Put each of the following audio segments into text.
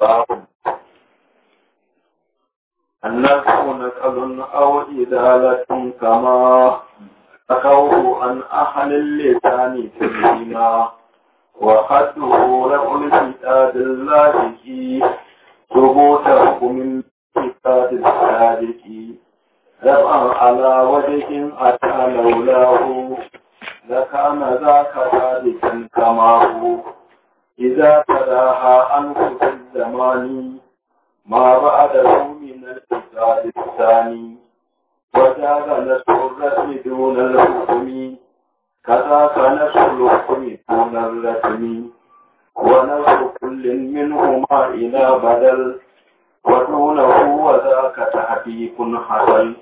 باب النفع نقل أو إزالة كما ذكروا عن أهل اللسان تنزيما وحده رفع الكتاب اللاذق ثبوت حكم الكتاب الصادق رفعا على وجه أتى لولاه لكان ذاك ثابتا كما هو إذا تلاها أنه في الزمان ما بعده من الإزال الثاني وزاد نسخ الرسم دون الحكم كذاك نسخ الحكم دون الرسم ونسخ كل منهما إلى بدل ودونه وذاك تحقيق حصل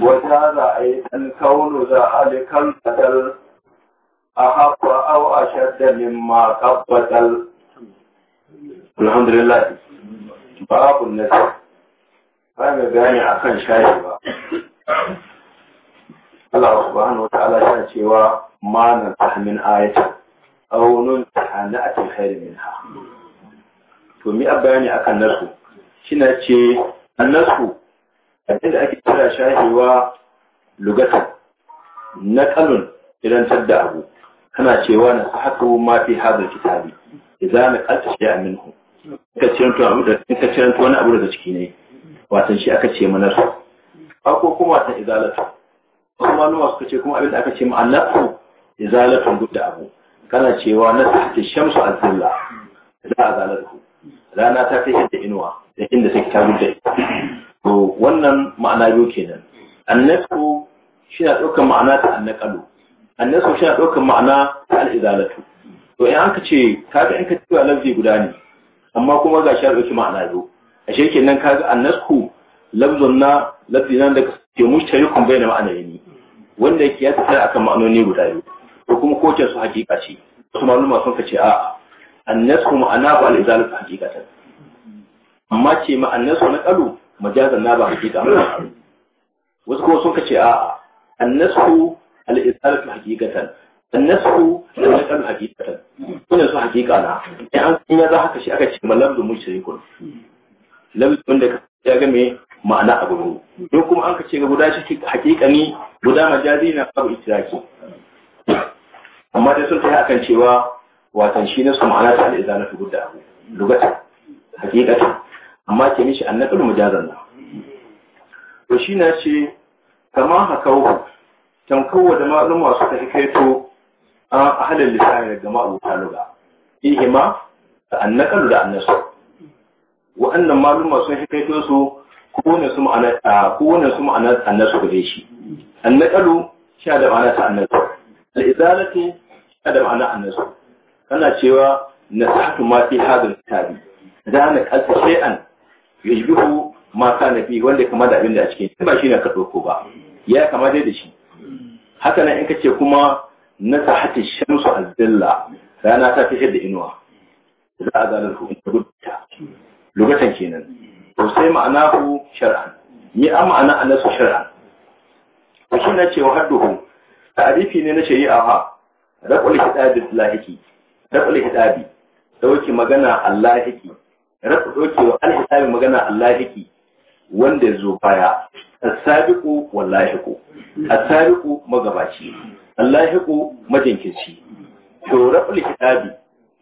وزاد أيضا كون ذلك البدل أحب أو أشد مما قبت ال... الحمد لله باب النسب a بياني أكن شايبا Allah subhanahu wa ta'ala yana cewa ma nan tahmin A aw nun tahana atil khair minha to mi bayani akan nasu shine ce annasu abinda ake kira shahiwa lugatan naqalun idan tadda abu kana cewa na sahabu ma fi hadal kitabi idza na qalta shay'an minhu ka ce to ka ce to wani abu daga ciki ne watan shi aka ce manar ko kuma ta izalatu Wasu nuna suka ce kuma abin da aka ce ma'annatu izalatun duk da abu kana cewa na sahati shamsu azilla za a zalatu rana ta fi da inuwa da inda take ta gudda to wannan ma'ana yau kenan annaku shi na ɗaukar ma'ana ta annakalu annasu shi ɗaukar ma'ana ta al'izalatu to in an ka ce ga in ka cewa lafzi guda ne amma kuma ga shi ɗauki ma'ana zo ashe ka ga annasku lafzon na lafzi nan da ke yukun bai na ma'ana yini wanda yake ya tafiya akan ma'anoni guda biyu ko kuma kowace su hakika ce wasu maluma sun ka ce a'a annasku ma'ana ba al'izalatu hakikatan amma ce ma'annasu na ƙalu majazan na ba hakika wasu kuma sun ka ce a'a annasku al-isalatu haqiqatan annasu da nakan haqiqatan kuna su hakika na in an sanya za haka shi aka ce malabdu mushrikun labdun da ya ga me ma'ana a ne ko kuma an ka ce ga guda shi hakika ne guda majazi na babu itiraki amma dai sun tafi akan cewa watan shi nasu ma'ana ta al fi guda abu lugatan hakikata, amma ke mishi annabul mujazan nan to shi na ce kama hakau tankowa da maluma suka hikaito a ahalar lisani daga ma'abuta luga ihima da annakalu da annasu wa'annan maluma sun fi su kowane su ma'ana kowane su ma'ana annasu gare shi annakalu shi da ma'ana ta annasu al'izalatu shi da ma'ana annasu kana cewa nasihatu ma fi hadal kitabi da na kalta shay'an yajbihu ma kana fi wanda kama da abin da a cikin ba shi ne ka doko ba ya kama dai da shi haka nan in ce kuma na sahati shamsu azzilla rana ta fitar da inuwa za a zalar hu in gudunta lokacin kenan to sai ma'ana hu shar'an mi an ma'ana anasu shar'an to shi na ce wa hadduhu ta'arifi ne na shari'a ha raqul hidabi lahiki raqul hidabi dauki magana allahiki raqul dauki wa alhidabi magana allahiki wanda zo baya as-sabiqu wallahiqu as-sabiqu magabaci allahiqu majinkirci to raful kitabi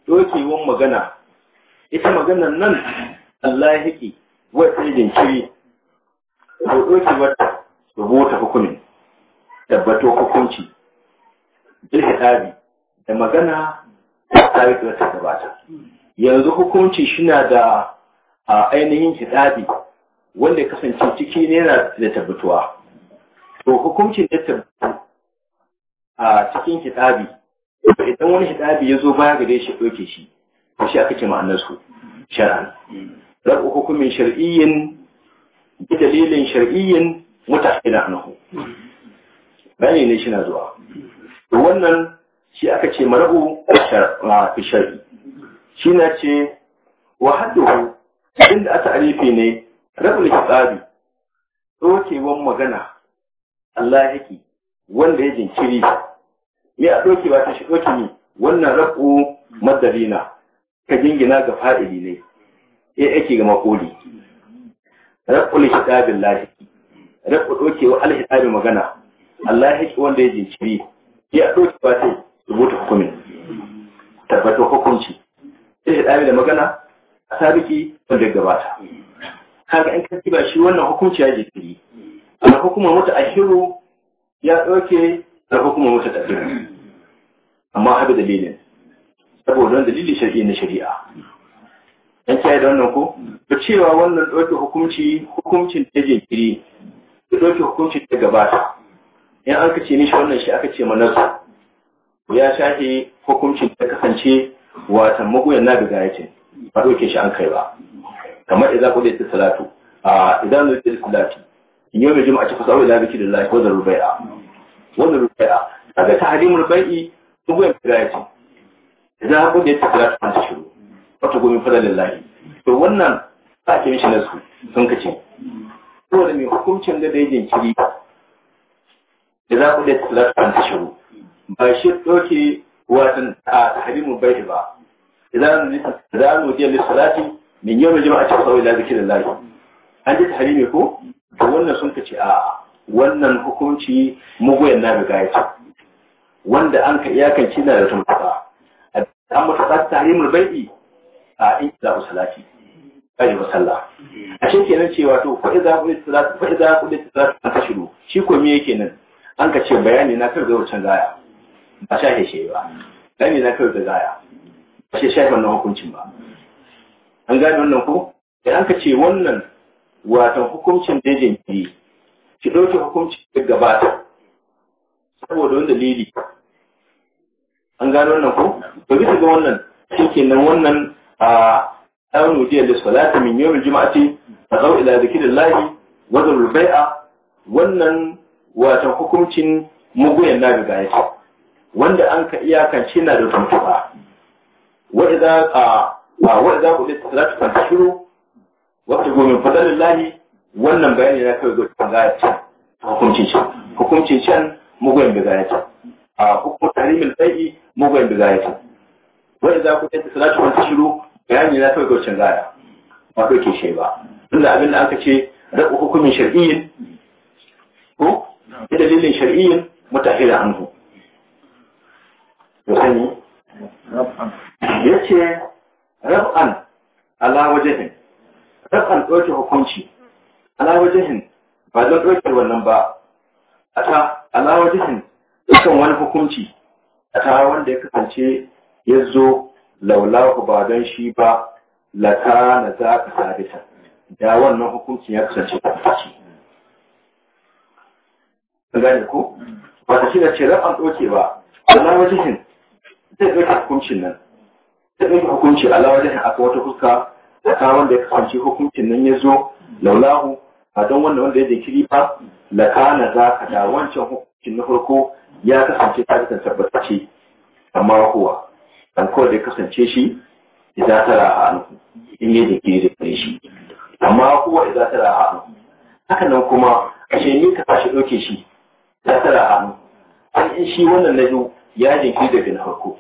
dokewan magana ita maganar nan allahiqi wata jinkiri to wata rubuta hukumin tabbato hukunci bil kitabi da magana tarihi ta gabata yanzu hukunci shi na da ainihin hidabi wanda ya kasance ciki ne yana da tabbatuwa to hukuncin da tabbatu a cikin hitabi idan wani hitabi ya zo baya gare shi ɗauke shi to shi aka ce ma'anar su shar'an rabu hukumin shar'iyyin bi dalilin mutane mutahila anhu bayani ne shi na zuwa to wannan shi aka ce marabu a shar'i shi na ce wa hadduhu inda aka arifi ne rabul hisabi dokewan magana Allah yake wanda ya jinkiri me a ba ta shi doke ni wannan rabu madalina ka jingina ga fa'ili ne eh yake ga makoli rabul hisabi lahi rabu dokewa al hisabi magana Allah yake wanda ya jinkiri ya ba ta rubuta hukumin tabbatar hukunci sai da magana a sabiki wanda gabata kaga in ka ba shi wannan hukunci ya jikiri al hukuma wata ahiru ya dauke al hukuma wata dafiru amma haɗu dalilin saboda wani dalili shari'i na shari'a an kiyaye da wannan ko to cewa wannan ɗauke hukunci hukuncin ta jinkiri ta ɗauke hukuncin ta gabata in an kace shi wannan shi aka ce manarsa ya shafe hukuncin ta kasance watan magoyan na ga ce ba ɗauke shi an kai ba kamar idan ku ta salatu a idan zai salati salatu yau da juma'a ci fasawai da biki da lafi wadda rubai'a wadda rubai'a daga ta hadimul bai'i sun goyon fidayati idan ku ta salatu ta shiru wata gomin fadalin lillahi to wannan ba ke mishi su, sun kace da mai hukuncin da dai jinkiri idan za ku da talatin ta shiru ba shi ɗauke watan ta hadimul bai'i ba idan da mu je salati min yau jima'a ce kawai la zikin lahi an ji tahrimi ko to wannan sun kace a wannan hukunci mugoyan na riga ya wanda an ka iyakanci na da tumfasa an masa ta tahrimul bai'i a in za ku salati kaji masalla a shi kenan cewa to fa idza ku salati fa idza ku salati an tashiru shi ko me yake nan an ka ce bayani na kar ga wucin gaya ba sha shi ba ne na kar ga gaya ba shi shaifan na hukuncin ba an gane wannan ko idan ka ce wannan watan hukuncin yake ki ki dauke hukuncin da gabata saboda wani dalili an gane wannan ko to bisa ga wannan shikenan wannan a ɗan wujiyar da salata min yawon jima'ati a zau ila zikirin lahi wajen rubai'a wannan watan hukuncin muguyan na ga ya wanda an ka iyakance na da tuntuba wa idan a a za ku da salatu kan shiru wata gomin fadalillahi wannan bayani na kai zo kan gaya can hukuncin can hukuncin can mugoyin da gaya can a hukumar tarimin bai'i mugoyin da gaya can wanda za ku da salatu kan shiru bayani na kai zo can gaya ba kai ke shi ba tunda abin da aka ce rabu hukumin shari'in, ko da dalilin shari'in, mutahila anhu ya sani ya ce Rab'an ala wajahin rab'an ɗauke hukunci ala wajahin ba don ɗauke wannan ba a ta ala wajahin dukkan wani hukunci a ta wanda ya kasance ya zo laulahu ba don shi ba lata na za ka sabita da wannan hukunci ya kasance ba ta ce gane ko ba ta ce da ce rab'an ɗauke ba ala wajahin zai ɗauke hukuncin nan ta ɗin hukunci lawar da aka wata fuska da ta wanda ya kasance hukuncin nan ya zo laulahu a don wanda wanda ya jinkiri ba la kana za ka da wancan hukuncin na farko ya kasance ta kan ce amma kowa, dan kawai da ya kasance shi idan tara a anhu in ya jinkiri da kare shi amma kuwa idan tara a anhu haka nan kuma ashe ni ka kashe ɗauke shi ya tara a anhu an in shi wannan na biyu ya jinkiri da na farko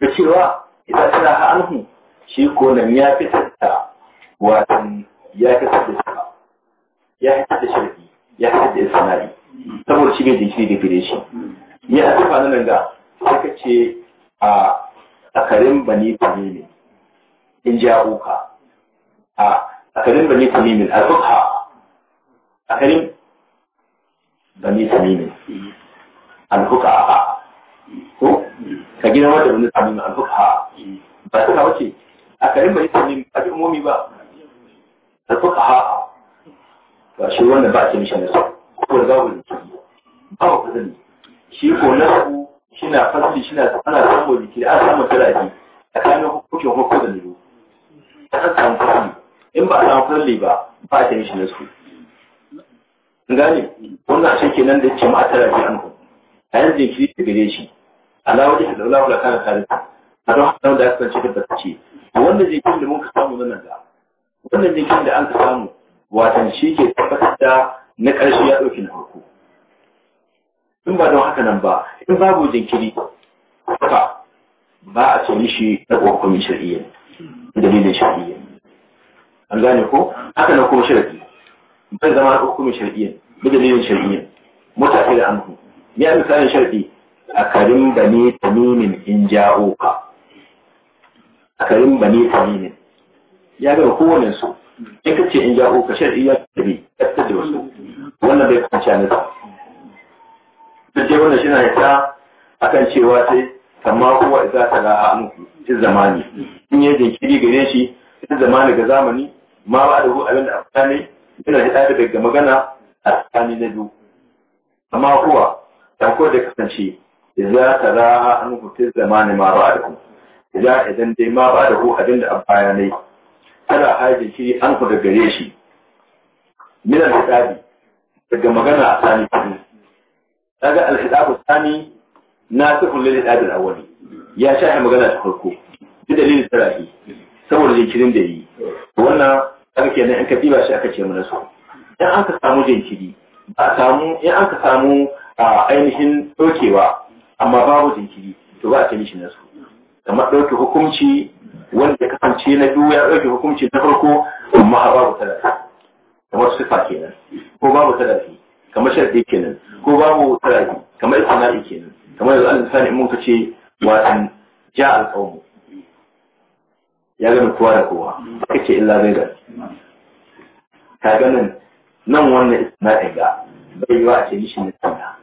da cewa idan tana anhu shi ko nan ya fitar da watan ya fitar da sama ya fitar da shirki ya fitar da isnadi saboda shi bai da shi da gare shi ya tafa nan da suka ce a tsakarin bani tamimi in ja uka a tsakarin bani tamimi a zuha tsakarin bani tamimi alhuka a ko ka gina wata bani tsamin alhuka ba suna wace a karin bai sami al'ummomi ba da suka ha'a ba shi wannan ba a ce mishi nasu ko da zawo da kiri ba ma ku zani shi ko nasu shi na fasli shi na ana samun jikiri ana samun talaji a kanin hukuncin hukuncin da nilu ta samu fasli in ba a samu fasli ba ba a ce mishi nasu gane wannan shi kenan da ce ma a talaji an ku a yanzu jikiri ta gare shi alawar da laulawar da kanin tarihi a don haɗar da ya kasance da ce wannan jikin da muka samu na nan da wannan jikin da an ka samu watan shi ke tabbatar da na ƙarshe ya ɗauki na farko in ba don haka nan ba in babu jinkiri haka ba a ce shi na ƙwarƙwamin shari'a dalilin shari'a an gane ko haka na kuma shari'a bai zama na ƙwarƙwamin shari'a da dalilin shari'a mutane da anhu ya misalin shari'a a karin bane tamimin in ja'o ka karim bani ne ya gaba kowane su in ka ce in ja'o ka shar'i ya tabi ta da wasu wannan bai kwanci ne da ce wannan shi na ya akan cewa sai amma kuwa za ta la'a an fi zamani in yi jinkiri gare shi fi zamani ga zamani ma ba da abin da aka ne yana hida da daga magana a tsakani na biyu amma kuwa ta da kasance za ta a an fi zamani ma ba da kuma Ya idan dai ma ba da ku abin da an bayanai ana haji shi an ku da gare shi min al-hisabi daga magana a sani daga al-hisabu sani na lil hisabi al-awwali ya shahi magana ta farko da dalilin sarahi saboda jinkirin da yi wannan aka kenan in ka diba shi aka ce mana so in an ka samu jinkiri ba a samu in an ka samu ainihin dokewa amma babu jinkiri to ba a ce mishi nasu kamar ɗauke hukunci wanda ya kasance na biyu ya ɗauke hukunci na farko amma a babu talafi kamar sifa kenan ko babu talafi kamar sharɗi kenan ko babu talafi kamar isana'i kenan kamar yanzu an misali mun kace watan ja alƙawmu ya gani kowa da kowa aka ce illa zai gani ka ganin nan wannan na ga bai yiwa a ce mishi na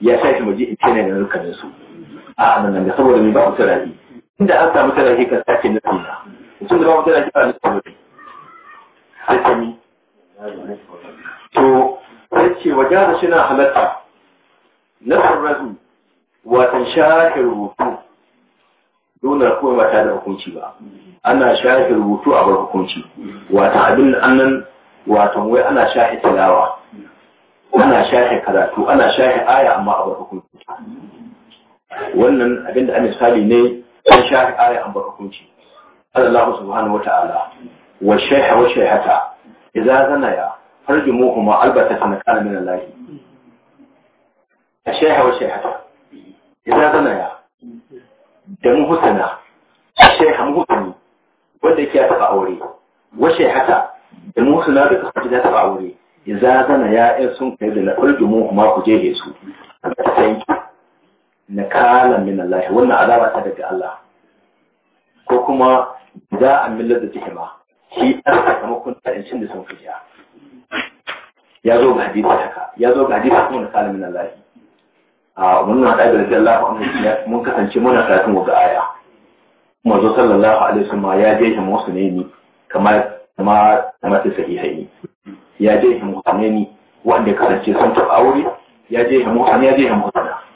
ya sa shi maji in ce ne da rukanin su a nan saboda mai ba ku talafi inda an samu talafi kan sake na tuna sun da babu talafi kan nufin mutum sai sami to sai ce wajen shi na halatta nasin razu watan shafe rubutu dole kuma ba ta da hukunci ba ana shafe rubutu a bar hukunci wata abin annan watan wai ana shafe tilawa ana shafe karatu ana shafe aya amma a bar hukunci wannan abin da an misali ne an sha ƙara an baka kunci Allah subhanahu wata'ala wa shaiha wa shaihata idza zanaya farjumuhuma albatatan kana min Allah shaiha wa shaihata idza zanaya da muhsana shaiha muhsani wanda yake taba aure wa shaihata da muhsana da kafa da taba aure idza zanaya in sun kai da farjumuhuma ku jehe su sai nakala min Allah wannan azaba ta daga Allah ko kuma za a millar da take ma shi ɗan sakamakon da sun fiya ya zo ga hadisi haka ya zo ga hadisi kuma nakala min Allah a wannan da da Allah mun kasance muna karatun ga aya manzo sallallahu alaihi wasallam ya je shi musu ne kamar kama kamar ta sahihai ya je shi musu ne wanda kasance sun aure ya je shi musu ya je shi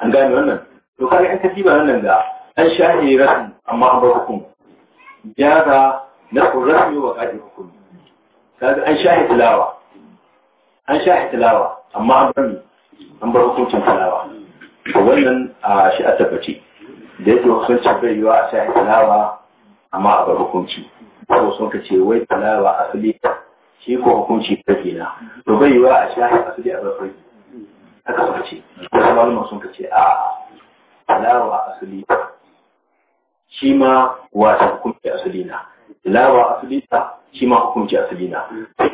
an gane wannan to kaga in ka diba nan da an shahi rasu amma an bar hukum jaza na rasmi wa qadi hukum kaga an shahi tilawa an shahi tilawa amma an bar an bar hukuncin tilawa to wannan a shi a tabbaci da yake hukuncin bai yiwa a shahi tilawa amma a bar hukunci ko sun ka ce wai tilawa asali shi ko hukunci farki na to bai yiwa a shahi asali a bar farki aka suka ce kuma malama sun ka ce a lawa asali shi ma wata hukunci asali na lawa asali ta shi ma hukunci asali na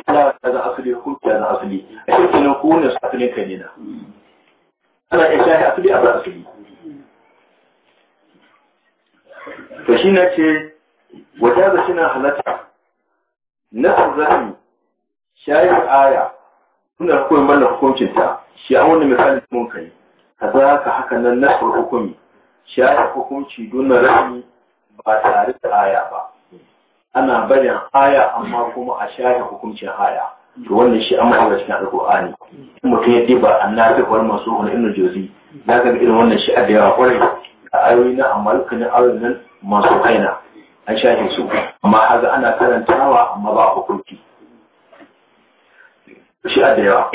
lawa ta zan asali hukunci na asali a shi kenan kowane su asalin kai ne na ana iya shahi asali a bar asali to shi na ce wajen da shi na halatta na azzani shayar aya suna koyon mana hukuncin ta shi an wani misali mun kai kaza ka haka nan na hukumi shi ya hukunci don na rami ba tare da aya ba ana barin aya amma kuma a shafe hukuncin aya to wannan shi an mahawar cikin alƙur'ani in mutum ya diba annabi wal masuhun ibn jozi na ga irin wannan shi a da yawa kwarai a ayoyi na amma dukkanin ayoyin nan masu haina an shafe su amma haza ana karantawa amma ba hukunci shi a da yawa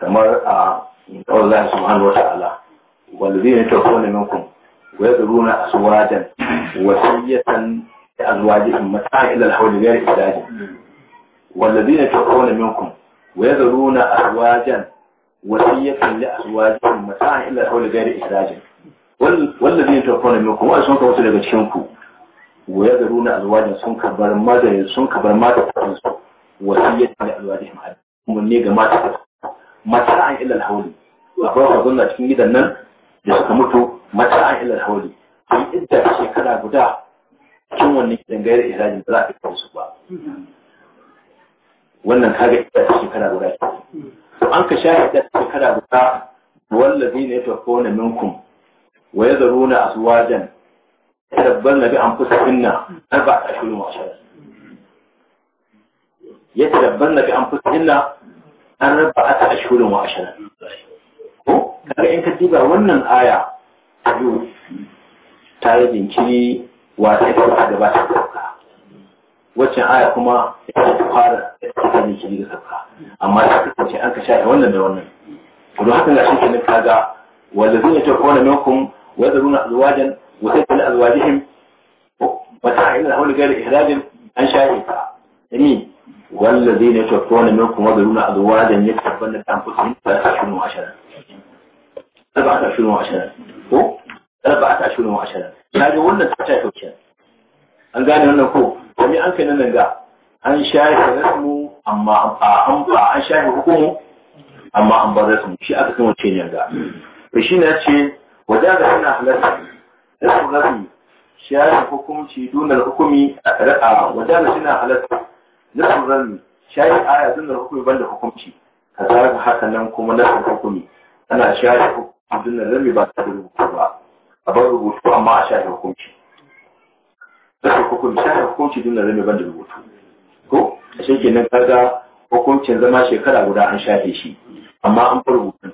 kamar a Allah subhanahu wa ta'ala walidai ne tafiya ne minkum wa ya tsaro na asuwajen wasiyyatan ya azuwaje in mata ila alhawli biyar idaji walidai ne tafiya ne minkum wa ya tsaro na asuwajen wasiyyatan ya azuwaje in mata ila alhawli biyar idaji walidai ne tafiya ne minkum wa a sun kawo su daga cikin ku waya da runa alwajin sun kabar madayin sun kabar mata kansu yadda da alwajin ma'ad kuma ne ga mata mata an ilal hauli akwai sabon na cikin gidan nan da suka mutu mata an ilal hauli sai idda shekara guda cikin wannan gidan gayar irajin ba za a kawo su ba wannan kaga idda shekara guda to an ka sha idda shekara guda wallazi ne tafawna minkum wa yadruna aswajan an يتربلن بأنفسهن أربعة أشهر وعشرة a بأنفسهن أربعة أشهر ko kaga in ka diba wannan aya ta biyu ta yi jinkiri wata ta ta gaba ta sauka waccan aya kuma ita ta fara ta jinkiri da sauka amma ta kasance an ka shafe wannan da wannan don haka ga shi kenan kaga wanda zai ta kona minkum wa yadruna azwajan وست لأزواجهم متاع إلى هون غير إخراج عن شاهدها يمين والذين يتوفون منكم ويذرون أزواجا يكسبن أنفسهم ثلاثة أشهر وعشرة أربعة أشهر وعشرة أربعة أشهر وعشرة هذه ولا تحتاج وكان an gane wannan ko wani an kai nan ga an shafe rasmu amma an ba an shafe hukumu amma an ba rasmu shi aka san wace ne ga to shi ne ce wajen da suna halarta rasu rabi shayar hukumci dunar hukumi a wajen suna halatta rasu rabi shayar aya dunar hukumi banda hukumci ka zara haka nan kuma rasu hukumi ana shayar hukumci dunar rabi ba da rubutu ba a bar rubutu amma a shayar hukumci rasu hukumi shayar hukumci dunar rabi rubutu ko shi kenan kaga hukuncin zama shekara guda an shafe shi amma an fi rubutun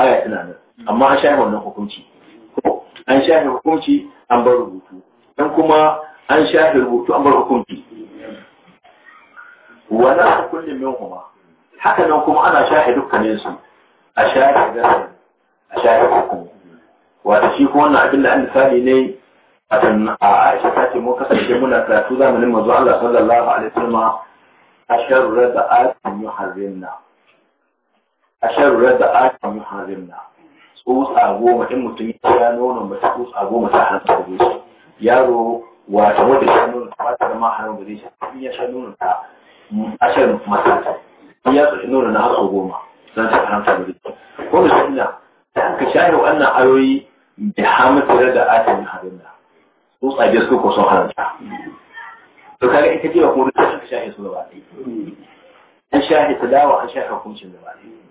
aya tana nan amma an shafe wannan hukunci ko an shafe hukunci an bar rubutu dan kuma an shafe rubutu an bar hukunci wala kulli minhuma haka nan kuma ana shafe dukkanin su a shafe garin a shafe hukum wata shi kuma wannan abin da an misali ne a tan a Aisha ta ce mun kasance muna karatu zamanin manzo Allah sallallahu alaihi wasallam asharru rada'at yuharrimna asharru rada'at yuharrimna tsotsa goma in mutum ya nono ba ta tsotsa goma ta halatta gare shi yaro wata wanda ya nono ta bata zama da zai shi in ya sha nono ta ashirin matata in ya tsotsi nono na haso goma zan ta haramta gare shi ko da sunna ta ka shayar wannan ayoyi da hamata da atin harin da tsotsa biyar su ko sun haramta to kaga ita ce ba kuma da ta shayar su gaba ɗaya an shayar ta dawa an shayar hukuncin gaba ɗaya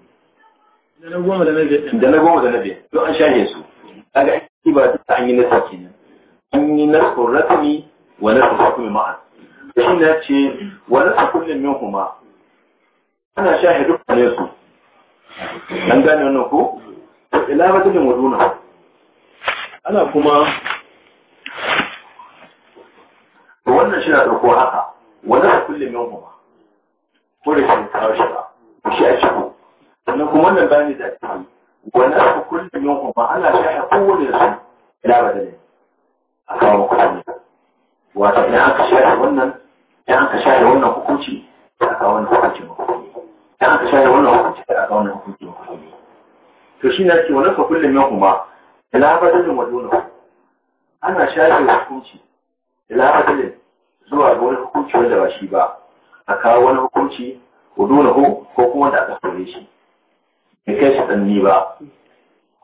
da na goma da na biyar to an shahe su kaga aiki ba ta an yi nasa kenan an yi nasu rasmi wa nasu hukumi ma'a shi na ce wa nasu kullum min kuma ana shahe dukkanin su an gane wannan ko ila ba tilin waduna ana kuma wannan shi na ɗauko haka wa nasu kullum min kuma ko da shi kawo shi ba shi a cikin sannan kuma wannan bani da ake yi wani aka kulle min kuma ana shaya kowane su ila ba dare a kawo kuɗi wato idan aka shaya wannan idan aka shaya wannan hukunci da aka wannan hukunci ba idan aka shaya wannan hukunci da aka wannan hukunci ba to shi ne ke wani aka kulle min kuma ila ba dare wa dole ana shaya hukunci ila ba dare zuwa ga wani hukunci wanda ba shi ba a kawo wani hukunci ko dole ko kuma da aka kore shi ya kai shaɗanni ba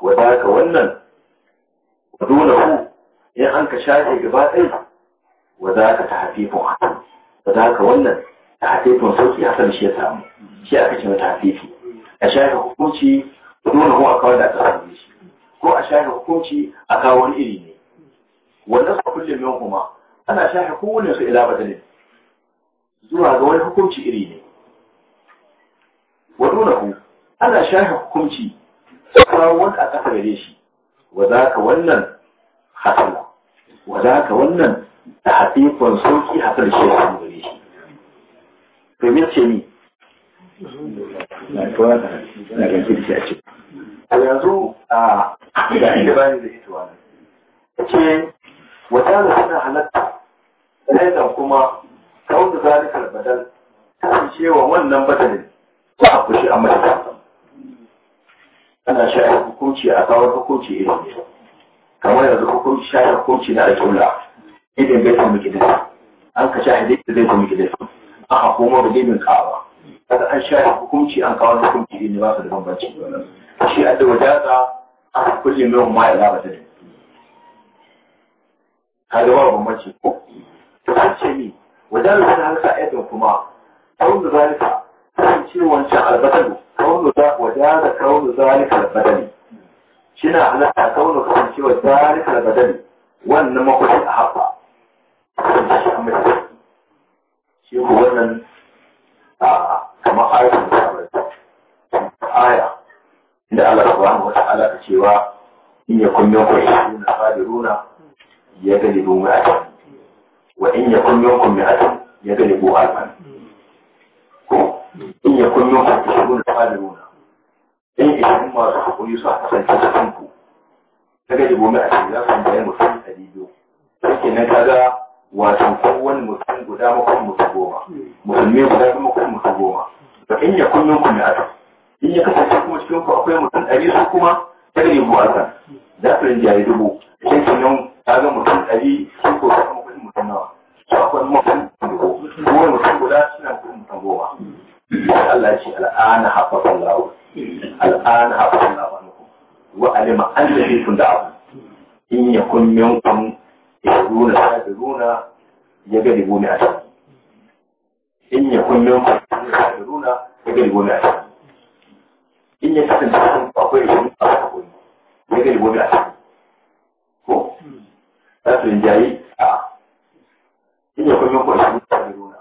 wadaka wannan dunahu in an ka shafe gaba ɗaya wadaka ta hafifin hasan wadaka wannan ta hafifin sauki hasan shi ya samu shi aka ce mata hafifi a shafe hukunci dunahu a kawar da aka shi ko a shafe hukunci a kawo wani iri ne wannan su kulle yau kuma ana shafe kowane su ila badalin zuwa ga wani hukunci iri ne wa dunahu ana sharha hukunci kawo wani a ƙasa gare shi wa za ka wannan hasala wa za ka wannan da hatifon sauki hasal shi ya gare shi domin ce ni a yanzu a da inda bani da ita wani ce wata da suna halatta sai kuma kawai da zalikar badal kasancewa wannan badalin ba a fushi a mata ana shayar hukunci a kawar hukunci irin ne kamar yanzu hukunci shayar hukunci na alƙulla idan bai san miki an ka sha hadisi zai san miki da an hakuma da dai kawa kada an shayar hukunci an kawar hukunci irin ne ba su da bambanci shi a da wajata a kulle mai ma ya labata da kaga ba bambanci ko to an ce ni wajen da haka aibin kuma a da zalika shi wancan albadalu kaunu za wa jana kaunu zalika albadali shina halatta kaunu kasancewa zalika albadali wannan makwashi a haɓa kasance shi an mai shi ko wannan kamar da kamar aya inda Allah subhanahu wa ta'ala ka cewa in yakun minkum ishiruna sabiruna yaglibu mi'atan wa in yakun minkum mi'atan yaglibu alfan in ya kun yau kuma shigo da fara nuna in ishirin masu haƙuri su a kasance da kanku ta gaji gobe a cikin za su bayan mutum ɗari biyu sai kenan kaga wato kowon mutum guda makon mutum goma musulmi guda makon mutum goma Ba in ya kunyo ku kuma a in ya kasance kuma cikin ku akwai mutum ɗari su kuma ta gaji gobe a za su rinjaye dubu sai kenan kaga mutum ɗari su ko kuma mutum nawa akwai mutum dubu kowane mutum guda suna mutum goma Allah ce al'ana hafafa Allah al'ana hafafa Allah wa alima an da shi kun da'abu in ya kun min kun ya runa sabiruna ya ga dubu ne a can in ya kun min kun ya runa ya ga dubu ne a can in ya kasance kun akwai shi a kan ya ga dubu ne a can ko hmm. za su rinjayi a in ya kun min kun ya runa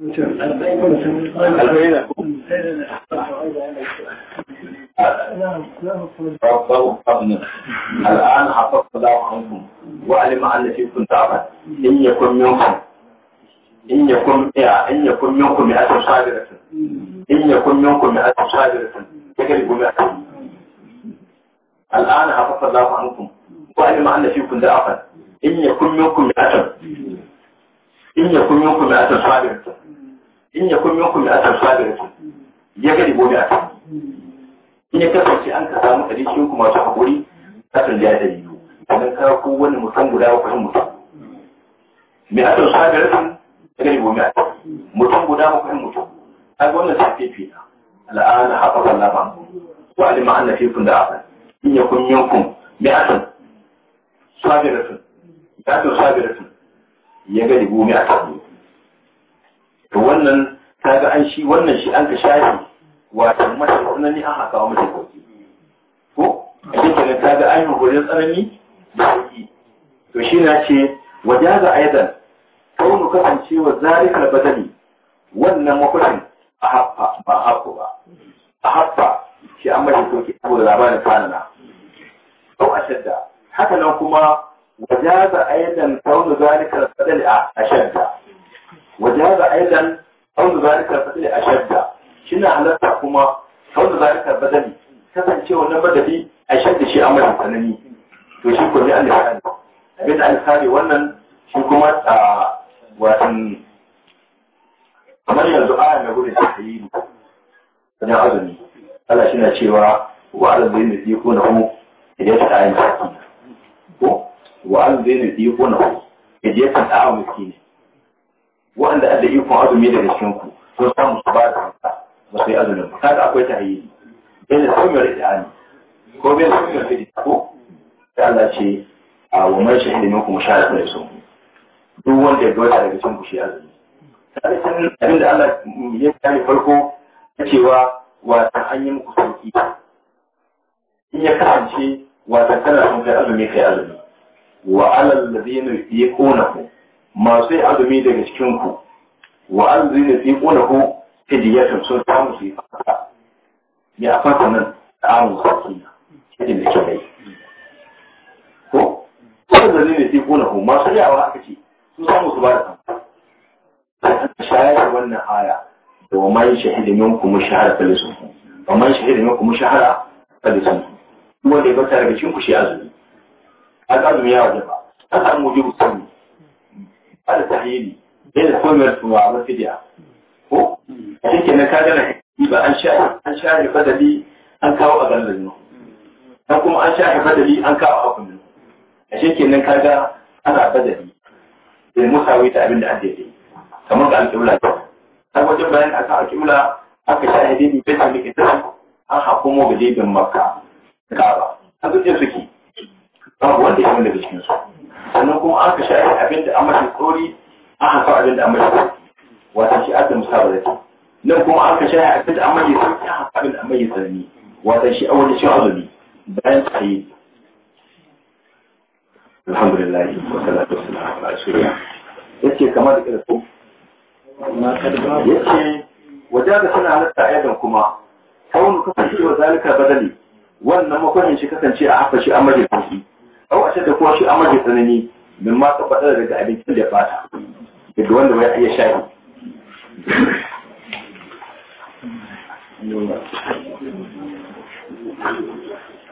الآن حفظت الله عنكم وعلم أن فيكم تعبا إن يكن منكم إن يكن إن يكن منكم مئة صابرة إن يكن منكم مئة صابرة تجلب مئة الآن حفظت الله عنكم وعلم أن فيكم ضعفا إن يكن منكم مئة إن يكن منكم مئة صابرة in ya kun minkum bi asar sabiratin ya gari gobe a kan in ya kasance an ka samu ɗari cikin kuma ta haƙuri kasan da ya da yiwu idan ka ku wani mutum guda ba kusan mutum mai asar sabiratin ya gari gobe a kan mutum guda ba kusan mutum kaga wannan sai ke na al'ana haɓa wallah ba wa alima an na fefun da aban in ya kun minkum bi asar sabiratin ya asar ya gari gobe a kan to wannan ta ga an shi wannan shi an ka shafi wato mace tsanani an haka wa mace sauki ko a shi kenan ta ga an yi horin tsanani da sauki to shi na ce waje ga aidan kaunu kasancewa zarikar badani wannan makwashin a haffa ba haffa ba a haffa shi an mace sauki saboda labarin kanana ko a shadda haka nan kuma waje ga aidan kaunu zarikar badani a shadda وجهاز أيضا أول ذلك البدل أشد شنا على تحكما a ذلك البدل كفن شيء ولا بدل أشد شيء أمر الثاني وشكر لألسان أبيت ألساني وانا شكما وأن kamar yanzu aya na gudun sahihi ne azumi Allah shi na cewa wa alzai ne ko na hu idan ta ayin saki ko wa zai ko na ta wanda Allah yi kuma azumi daga cikin ku ko samu su ba da hamsa ba su yi azumin ba Kada akwai tahayyuli bai da da ani ko bai da sumar fidi ko da Allah ce a wa mai ne minku musharaka da su duk wanda ya gwada daga cikin ku shi azumi sai san abin da Allah ya kare farko cewa wata an yi muku sauki in ya kasance wata kana sun kai azumi kai azumi wa alal ladina yakunu masu yi azumi daga cikin ku wa zai da fi kuna ku hijiyatun sun samu su yi fata ya fata nan da amu sakina cikin da kyau ko wani zai da fi kuna ku masu yawa aka ce sun samu su ba da kan shayar wannan aya da wa man ku minkum shahara falisun wa man shahida minkum mushahara falisun wanda ya bata daga cikin ku shi azumi azumi ya ba an samu wajen musamman. al-tahili da komai tuwa ba fidiya ko shi na kaga na ba an sha an sha ne badali an kawo a gallan nan dan kuma an sha ne badali an kawo a kullun shi kenan kaga ana badali da musawi ta abin da ake yi kamar ga al-qibla ta wajen bayan aka al-qibla aka sha ne bi ta miki ta an hakumo ga jibin makka kaba an zuke suke babu wanda ya wanda cikin su sannan kuma an ka shafi abin da an mashi kori an hafa abin da an mashi kori wata shi adda musabadati nan kuma an ka shafi abin da an mashi sauki an hafa abin da an mashi tsanani wata shi awali shi azumi bayan tsayi alhamdulillah wa salatu wa salam ala rasulillah yace kamar da ko yace wajaga suna halatta ayyadan kuma kawun kasancewa zalika badali wannan makwanin shi kasance a hafa shi an mashi au a da kuma shi amma da tsanani min ma ka faɗa daga abincin da fata daga wanda bai iya shayi